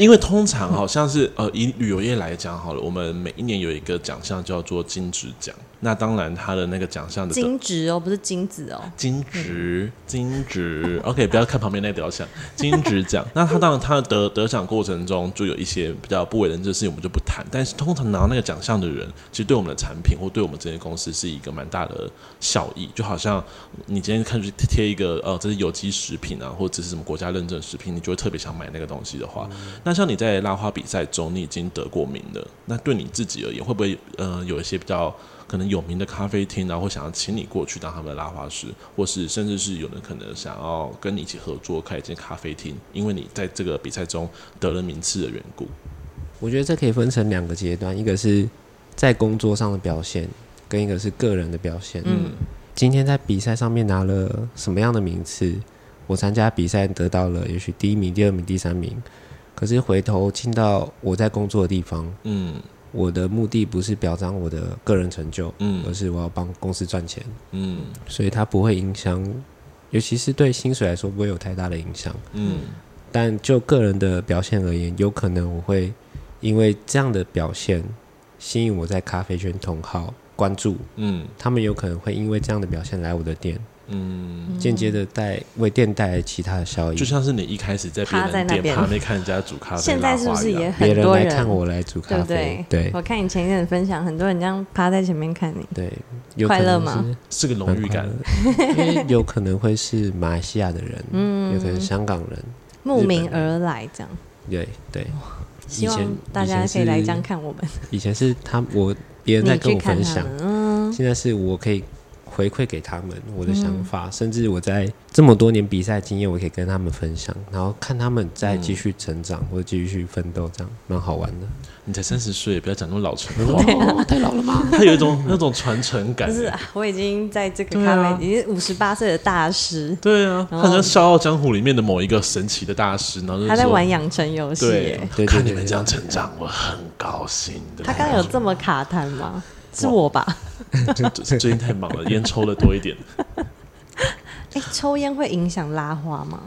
因為通常好像是呃，以旅遊業來講好了，我們每一年有一個獎項叫做金質獎。那當然，他的那個獎項的金質哦，不是金子哦，金質金質。 OK，不要看旁邊那個獎，金質獎。那他當然他的，他 得得獎過程中就有一些比較不為人知的事情，我們就不談。但是，通常拿那個獎項的人，其實對我們的產品或對我們這些公司是一個蠻大的效益。就好像你今天看去貼一個呃，這是有機食品啊，或者是什麼國家認證食品，你就會特別想買那個東西的話。嗯、那像你在拉花比賽中，你已經得過名了，那對你自己而言，會不會嗯、呃、有一些比較？可能有名的咖啡廳，然後會想要請你過去當他們的拉花師，或是甚至是有人可能想要跟你一起合作開一間咖啡廳，因為你在這個比賽中得了名次的緣故。我覺得這可以分成兩個階段，一個是在工作上的表現，跟一個是個人的表現。嗯，今天在比賽上面拿了什麼樣的名次，我參加比賽得到了也許第一名、第二名、第三名，可是回頭進到我在工作的地方，嗯。我的目的不是表彰我的個人成就，嗯，而是我要幫公司賺錢，嗯，所以它不會影響，尤其是對薪水來說不會有太大的影響，嗯，但就個人的表現而言，有可能我會因為這樣的表現吸引我在咖啡圈同好關注，嗯，他們有可能會因為這樣的表現來我的店。嗯，間接的帶為店帶來其他的效益，就像是你一開始在別人店旁邊看人家煮咖啡，現在是不是也很多人、啊、人來看我來煮咖啡？對，對，對我看你前一陣分享，很多人這樣趴在前面看你，對，有可能。快樂嗎？快？是個榮譽感，因為有可能會是馬來西亞的人， 人，嗯，有可能是香港人慕名而來，這樣對對。以前大家可以來這樣看我們，以前是他我別人在跟我分享看看，嗯，現在是我可以。回饋給他們我的想法、嗯，甚至我在這麼多年比賽經驗，我可以跟他們分享，然後看他們再繼續成長或繼續去奮鬥，這樣蠻好玩的。你才三十歲，不要講那麼老成，啊、 太老了嗎？他 有一種 那種傳承感。不、就是，我已經在這個咖啡、啊、已經五十八歲的大師。對啊，他像《笑傲江湖》裡面的某一個神奇的大師，然後他在玩養成遊戲對對對對，看你們這樣成長，對對對對我很高興。他剛剛有這麼卡痰嗎？是我吧？最近太忙了，煙抽的多一點。 欸、抽煙會影響拉花嗎？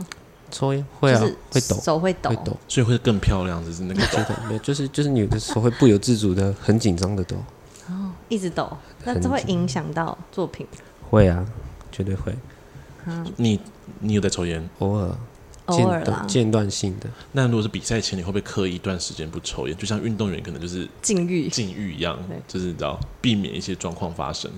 抽煙會啊、就是，會抖，手會抖，會抖，所以會更漂亮，只、就是那個階段，沒 有，就是就是，你的手會不由自主的很緊張的抖、哦，一直抖，那這會影響到作品？會啊，絕對會。嗯、啊，你你有在抽煙？偶爾。偶爾啦，間斷性的。那如果是比賽前，你會不會刻意一段時間不抽煙？就像運動員可能就是禁欲、禁欲一樣，就是你知道避免一些狀況發生。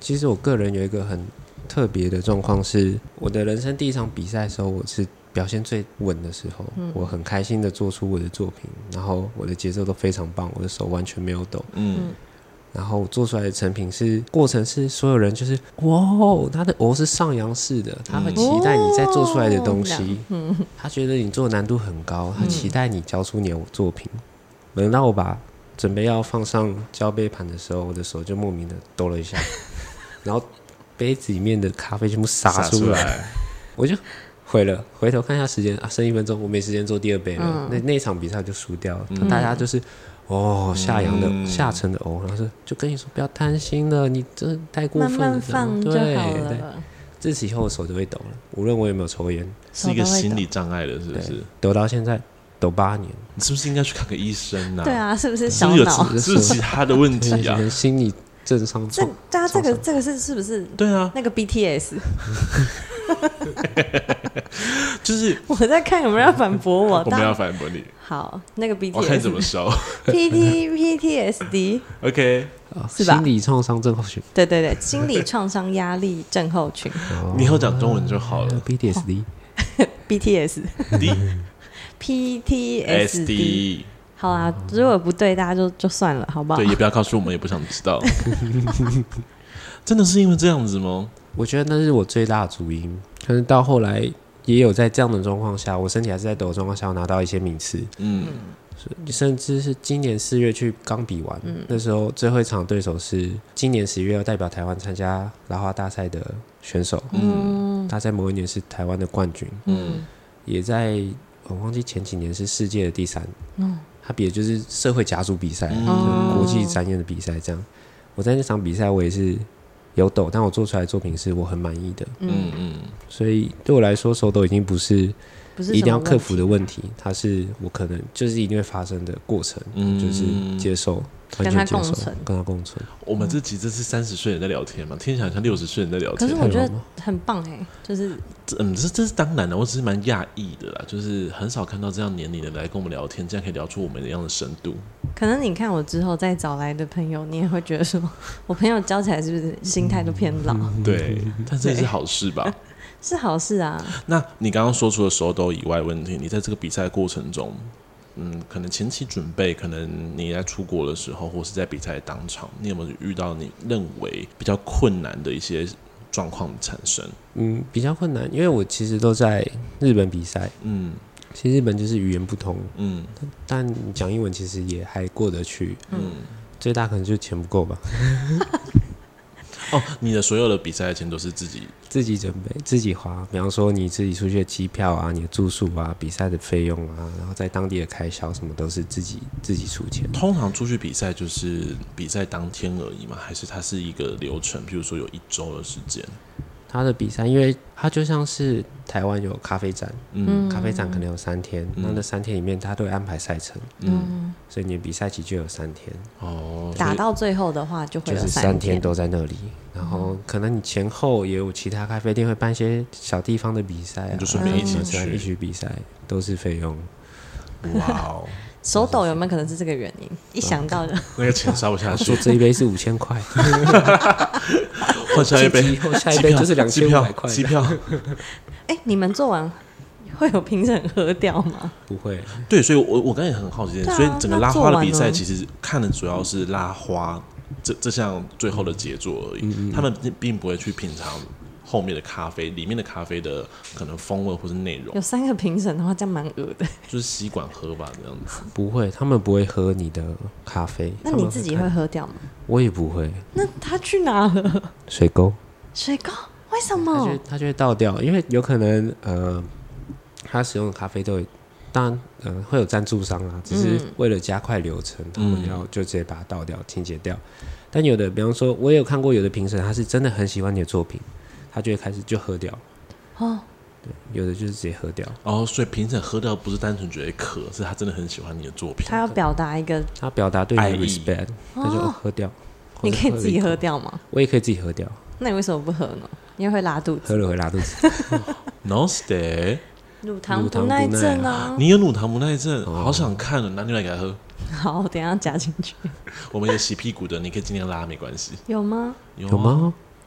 其實我個人有一個很特別的狀況，是我的人生第一場比賽的時候，我是表現最穩的時候、嗯。我很開心的做出我的作品，然後我的節奏都非常棒，我的手完全沒有抖。嗯。嗯然後做出來的成品是，過程是，所有人就是哇、哦，他的額是上揚式的，嗯、他很期待你再做出來的東西，哦、他覺得你做的難度很高，嗯、他期待你交出你的作品。等、嗯、到我把準備要放上交杯盤的時候，我的手就莫名的抖了一下， 然後杯子裡面的咖啡全部灑出來，出來 我就毀了。回頭看一下時間啊，剩一分鐘，我沒時間做第二杯了，嗯、那那一場比賽就輸掉了、嗯。大家就是。哦，下揚的、嗯、下沉的哦，然後說就跟你說不要貪心了，你這太過分了,慢慢放就好了，對，對，自此以後我手就會抖了，無論我有沒有抽菸，是一個心理障礙了，是不是？抖到現在,抖八,抖,到現在抖八年，你是不是應該去看個醫生啊？對啊，是不是,不是？是不是有其他的問題啊？ 心理。 創傷。這大家這個這個是是不是？對啊。那個 BTS，就是。我在看有沒有要反駁我。 我沒有反駁你。好，那個 BTS。我看怎麼收。 PT PTSD。 OK，是吧？心理創傷症候群。對對對， 心理創傷壓力症候群。你以後講中文就好了、嗯 BTSD D.，PTSD。b PTSD。好啊，如果不對，大家就就算了，好不好？對，也不要告訴我們，也不想知道。 真的是因為這樣子嗎？我覺得那是我最大的主因。可是到後來，也有在這樣的狀況下，我身體還是在抖的狀況下，我拿到一些名次。嗯，甚至是今年四月去剛比完，嗯，那時候最後一場對手是今年十一月要代表台灣參加拉花大賽的選手。嗯，他在某一年是台灣的冠軍。嗯，也在我忘記前幾年是世界的第三。嗯。它比的就是社會家族比賽、啊嗯，國際展演的比賽這樣。我在那場比賽我也是有抖，但我做出來的作品是我很滿意的。嗯嗯，所以對我來說手抖已經不是一定要克服的問題，問題、啊，它是我可能就是一定會發生的過程，嗯，就是接受。跟他共存，跟他共存。嗯、我們這集這是三十歲人在聊天嘛，嗯、聽起來像六十歲人在聊天。可是我覺得很棒哎，欸，就是，嗯，這這是當然的，我只是蠻訝異的啦，就是很少看到這樣年齡的來跟我們聊天，這樣可以聊出我們一樣的深度。可能你看我之後再找來的朋友，你也會覺得說，我朋友交起來是不是心態都偏老，嗯？對，但這也是好事吧？ 是好事啊。那你剛剛說，除了手抖以外問題，你在這個比賽過程中？嗯，可能前期準備，可能你在出國的時候，或是在比賽當場，你有沒有遇到你認為比較困難的一些狀況產生？嗯，比較困難，因為我其實都在日本比賽。嗯，其實日本就是語言不通。嗯，但講英文其實也還過得去。嗯，最大可能就是錢不夠吧。 哦，你的所有的比賽的錢都是自己自己準備、自己花。比方說，你自己出去的機票啊，你的住宿啊，比賽的費用啊，然後在當地的開銷什麼，都是自己自己出錢。通常出去比賽就是比賽當天而已嘛，還是它是一個流程？比如說有一周的時間？他的比賽，因為他就像是台灣有咖啡展，嗯，咖啡展可能有三天，嗯、那那三天裡面他都會安排賽程，嗯，所以你的比賽期就有三天，哦、嗯，打到最後的話就會有就是三天都在那裡，然後可能你前後也有其他咖啡店會辦一些小地方的比賽，啊，就順便一起去一起比賽，都是費用，哇哦。 手抖有沒有可能是這個原因？嗯、一想到的。那個錢燒不下去。這一杯是五千塊，換 下一杯，下一杯就是兩千五百塊。機票。哎、欸，你們做完會有評審喝掉嗎？不會。對，所以我我剛才也很好奇、啊。所以整個拉花的比賽，其實看的主要是拉花、嗯、這這項最後的傑作而已嗯嗯嗯。他們並不會去品嘗。.後面的咖啡裡面的咖啡的可能風味或是內容，有三個評審的話，這樣蠻噁的。就是吸管喝吧，這樣子不會，他們不會喝你的咖啡，那你自己會喝掉嗎？我也不會。那他去哪了？水溝？水溝？為什麼？他就，就會倒掉，因為有可能呃，他使用的咖啡豆，當然呃會有贊助商啦、啊，只是為了加快流程，他們要就直接把它倒掉，清潔掉、嗯。但有的，比方說，我有看過有的評審，他是真的很喜歡你的作品。他就會開始就喝掉，哦、oh.，對，有的就是直接喝掉哦，oh, 所以平常喝掉不是單純覺得渴，是他真的很喜歡你的作品，他要表達一個，他要表達對你的 respect，、IE. 他就、哦 oh. 喝掉喝。你可以自己喝掉嗎？我也可以自己喝掉。那你為什麼不喝呢？因為會拉肚子，喝了會拉肚子。No stay， 乳糖不耐症啊！你有乳糖不耐症，oh. 好想看啊！拿牛奶給他喝。好，等下夾進去。 我們有洗屁股的，你可以盡量拉沒關係。有嗎？有嗎？有嗎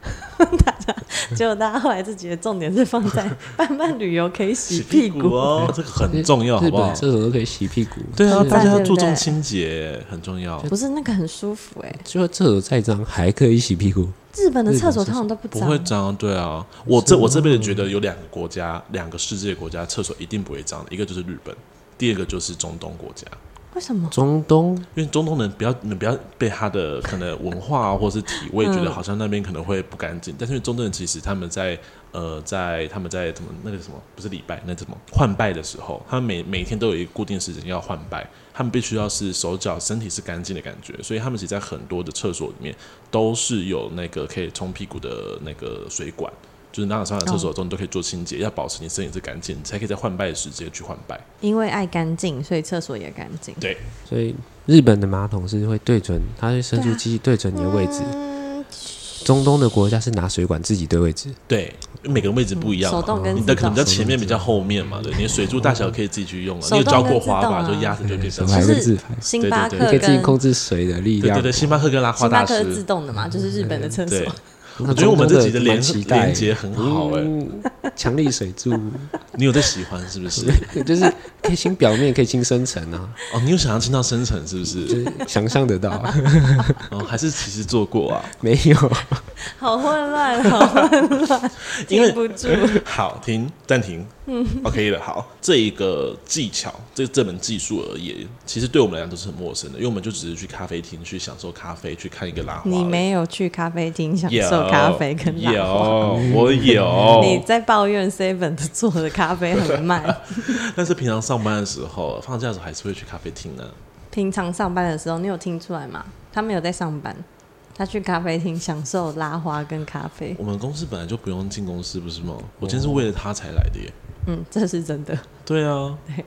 大家，結果大家後來自己的重點是放在，半伴旅遊可以洗屁，洗屁股哦，這個很重要，好不好？廁所都可以洗屁股，對啊，大家注重清潔很重要。不是那個很舒服哎、欸，就廁所再髒還可以洗屁股。日本的廁所通常都不髒，不會髒。對啊，我這我這輩子覺得有兩個國家，兩個世界的國家廁所一定不會髒的，一個就是日本，第二個就是中東國家。為什麼？中東，因為中東人比較、比較被他的可能文化、啊、 或是體味，覺得好像那邊可能會不乾淨、嗯。但是中東人其實他們在呃，在他們在什麼那個什麼不是禮拜那個、什麼換拜的時候，他們每每一天都有一個固定時間要換拜，他們必須要是手腳身體是乾淨的感覺，所以他們其實，在很多的廁所裡面都是有那個可以沖屁股的那個水管。就是那個上完廁所之後，你都可以做清潔，oh. 要保持你身體是乾淨，你才可以在換班的時間去換班。因為愛乾淨，所以廁所也乾淨。對，所以日本的馬桶是會對準它的伸出機器對準你的位置，啊嗯。中東的國家是拿水管自己對位置，對，因為每個位置不一樣嘛，嗯，手動跟自動你的可能比較前面比較後面嘛，對，對你的水柱大小可以自己去用啊。啊你有澆過花吧？就壓上就可以自排，啊，對自，啊、對星巴克你可以自己控制水的力量，對對對，星巴克跟拉花大師是自動的嘛，就是日本的廁所。對對我覺得我們自己的連的連接很好哎、欸、強、嗯、力水柱， 你有在喜歡是不是？ 就是可以清表面，可以清深層啊。哦，你有想要清到深層是不是？就想象得到、啊， 哦，還是其實做過啊？沒有，好混亂，好混亂， 不住因為、呃、好停暫停，嗯，OK 了。好，這一個技巧，這這門技術而已，其實對我們來講都是很陌生的，因為我們就只是去咖啡廳去享受咖啡，去看一個拉花。你沒有去咖啡廳享受、yeah.。咖啡跟拉花，有，我有。 你在抱怨 Seven 做的咖啡很慢 但是平常上班的時候，放假的時候還是會去咖啡廳的啊。平常上班的時候，你有聽出來嗎？他沒有在上班，他去咖啡廳享受拉花跟咖啡。我們公司本來就不用進公司，不是嗎？哦。我今天是為了他才來的耶。嗯，這是真的。對啊。對。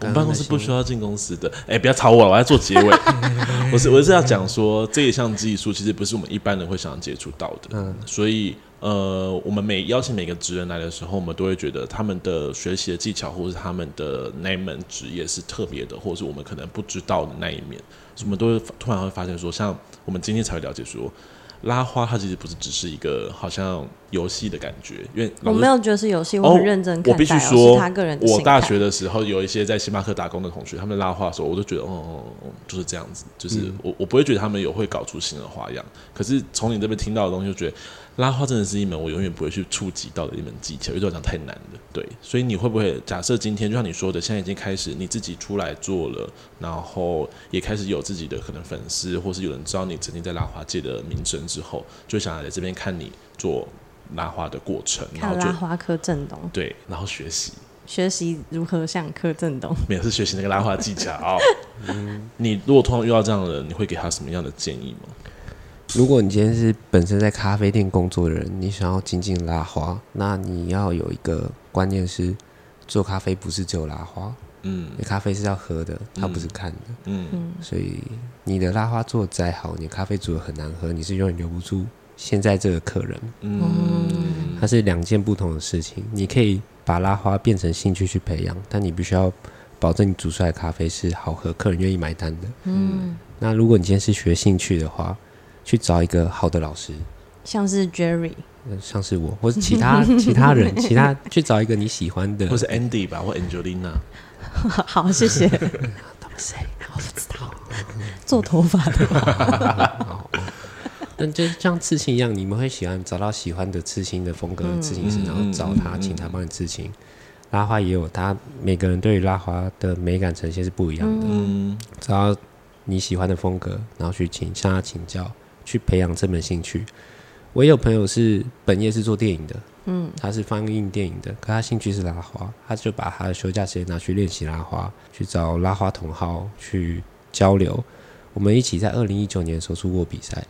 我們辦公室不需要進公司的，哎、欸，不要吵我了，我要做結尾。 我是我是要講說，這一項技術其實不是我們一般人會想要接觸到的，嗯、所以呃，我們每邀請每個職人來的時候，我們都會覺得他們的學習的技巧，或是他們的那一門職業是特別的，或是我們可能不知道的那一面，所以我們都會突然會發現說，像我們今天才會了解說。拉花它其實不是只是一個好像遊戲的感覺，因為我沒有覺得是遊戲，我很認真看、哦。我必須說，他個人，我大學的時候有一些在星巴克打工的同學，他們拉花的時候，我都覺得哦，就是這樣子，就是、嗯、我我不會覺得他們有會搞出新的花樣。可是從你這邊聽到的東西，就覺得。拉花真的是一門我永遠不會去觸及到的一門技巧，因為這樣講太難了。對，所以你會不會假設今天就像你說的，現在已經開始你自己出來做了，然後也開始有自己的可能粉絲，或是有人知道你曾經在拉花界的名聲之後，就想來這邊看你做拉花的過程，看拉花柯震東，對，然後學習學習如何像柯震東，每次學習那個拉花技巧。 哦、嗯、你如果通常遇到這樣的人，你會給他什麼樣的建議嗎？如果你今天是本身在咖啡店工作的人，你想要精進拉花，那你要有一個觀念是，做咖啡不是只有拉花，嗯，因為咖啡是要喝的，它不是看的，嗯，嗯，所以你的拉花做得再好，你的咖啡煮得很難喝，你是永遠留不住現在這個客人，嗯，它是兩件不同的事情。你可以把拉花變成興趣去培養，但你必須要保證你煮出來的咖啡是好喝，客人願意買單的，嗯。那如果你今天是學興趣的話，去找一個好的老師，像是 Jerry、呃、像是我，或是其他其他人， 其他去找一個你喜歡的， 或是 Andy 吧，或 Angelina。 好，謝謝。他們誰？我不知道。 做頭髮的 好好。但就像刺青一樣，你們會喜歡找到喜歡的刺青的風格的刺青師、嗯，然後找他，嗯、請他幫你刺青、嗯。拉花也有，他每個人對於拉花的美感呈現是不一樣的。嗯，找到你喜歡的風格，然後去請向他請教。去培養這門興趣，我也有朋友是本業是做電影的，嗯，他是放映電影的，可他興趣是拉花，他就把他的休假時間拿去練習拉花，去找拉花同好去交流，我們一起在二零一九年的時候出過比賽，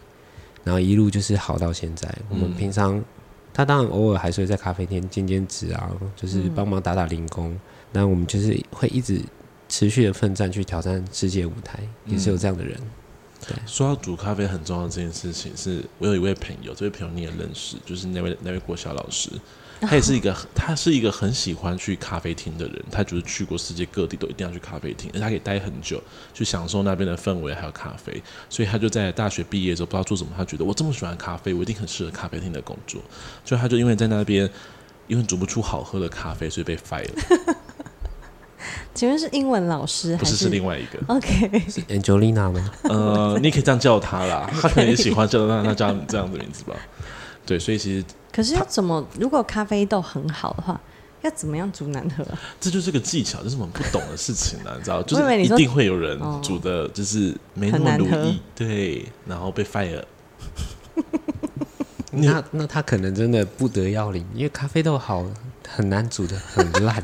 然後一路就是好到現在。我們平常、嗯、他當然偶爾還是會，在咖啡店兼兼職啊，就是幫忙打打零工、嗯，那我們就是會一直持續的奮戰去挑戰世界舞台，嗯、也是有這樣的人。對說到煮咖啡很重要的這件事情是，是我有一位朋友，這位朋友你也認識，就是那位那位國小老師，他也是一個他是一個很喜歡去咖啡廳的人，他就是去過世界各地都一定要去咖啡廳，而且他可以待很久，去享受那邊的氛圍還有咖啡，所以他就在大學畢業的時候不知道做什麼，他覺得我這麼喜歡咖啡，我一定很適合咖啡廳的工作，就他就因為在那邊因為煮不出好喝的咖啡，所以被 fire 請問是英文老師？不是，是，是另外一個。OK，是 Angelina 嗎？呃，你可以這樣叫他啦， okay、他可能也喜歡叫那那他叫他這樣的名字吧。對，所以其實可是要怎麼？如果咖啡豆很好的話，要怎麼樣煮難喝？這就是個技巧，這，就是我們不懂的事情呢、啊， 你知道？就是一定會有人煮的，就是沒那麼如意。 對，然後被 fire。 那那他可能真的不得要領，因為咖啡豆好很難煮得很爛，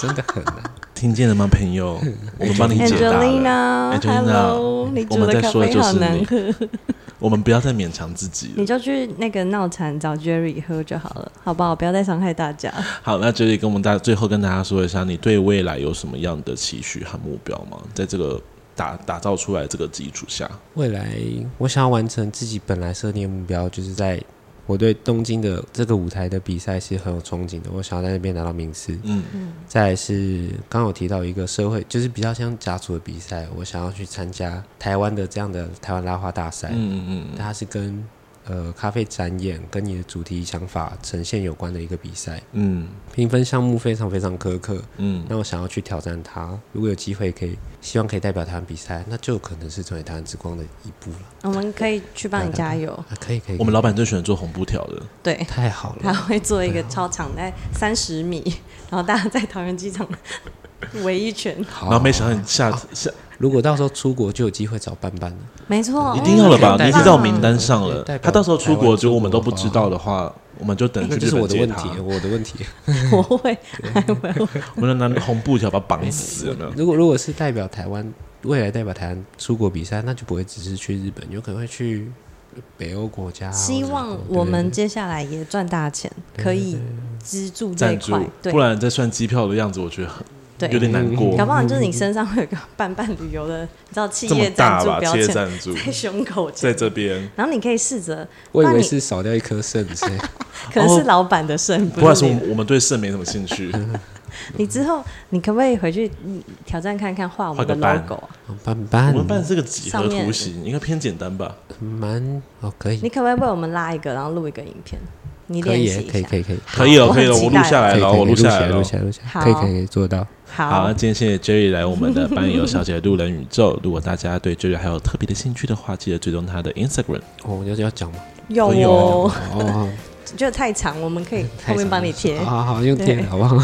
真的很難。 聽見了嗎，朋友？我們幫你解答了。Angelina，Hello，Angelina，我們再說就是你 我們不要再勉強自己了。你就去那個鬧慘找 Jerry 喝就好了，好不好？不要再傷害大家。好，那 Jerry 跟我們大家最後跟大家說一下，你對未來有什麼樣的期許和目標嗎？在這個打打造出來這個基礎下，未來我想要完成自己本來設定的目標，就是在。我對東京的這個舞台的比賽是很有憧憬的，我想要在那邊拿到名次。嗯嗯，再來是剛剛有提到一個社會，就是比較像家族的比賽，我想要去參加台灣的這樣的台灣拉花大賽。嗯嗯嗯，但它是跟。呃，咖啡展演跟你的主題想法呈現有關的一個比賽，嗯，評分項目非常非常苛刻，嗯，那我想要去挑戰它。如果有機會，可以希望可以代表台灣比賽，那就可能是成為台灣之光的一步了。我們可以去幫你加油，啊、可以可以，可以。我們老板最喜歡做紅布條的，對，太好了，他會做一個超長大概三十米，然後大家在桃園機場圍一圈，然後沒想到你下次下。下如果到時候出國就有機會找班班了。沒、嗯、錯、嗯，一定要了吧？嗯、你已經在我名單上了。他、嗯、到時候出國，結果我們都不知道的話，嗯、我們就等。這是我的問題，我的問題。 我會，我會。我們能拿那個紅布條把他綁死了呢、嗯。如果如果是代表台灣，未來代表台灣出國比賽，那就不會只是去日本，有可能會去北歐國家。希望我們接下來也賺大錢，可以資助這塊、嗯。不然再算機票的樣子，我覺得很。對，有點難過、嗯嗯，搞不好就是你身上會有一個伴伴旅遊的，你知道企業贊助標籤 在胸口，在這邊。然後你可以試着，我以為是少掉一顆腎，是？ 可能是老闆的腎、哦。不管說， 我們對腎沒什麼興趣。嗯、你之後你可不可以回去、嗯、挑戰看看畫我們的 logo？伴、啊、伴、哦，我們伴是個幾何圖形，應該偏簡單吧？蠻、嗯、好、哦，可以。你可不可以為我們拉一個，然後錄一個影片？你練習一下？可以，可以，可以，可以，可以了，可以了，我錄下來了，我錄下來了，錄下來，錄下來，可以，可以錄下來好，可以，可以做得到。好，今天謝謝 Jerry 來我們的伴遊小姐的路人宇宙。如果大家對 Jerry 還有特別的興趣的話，記得追蹤他的 Instagram。我們要要講嗎？有哦。哦，覺得太長，我們可以後面幫你貼。好好好，用貼好不好？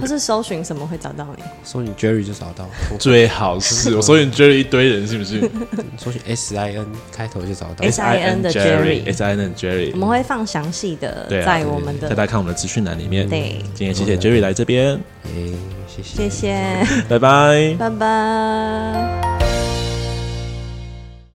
不是搜尋什麼會找到你？搜尋 Jerry 就找到。最好是，我搜尋 Jerry 一堆人，是不是？搜尋 S I N 開頭就找到。S I N 的 Jerry，S I N 的 Jerry。我們會放詳細的在我們的，大家看我們的資訊欄裡面。對，今天謝謝 Jerry 來這邊。謝謝，謝，拜拜，拜拜。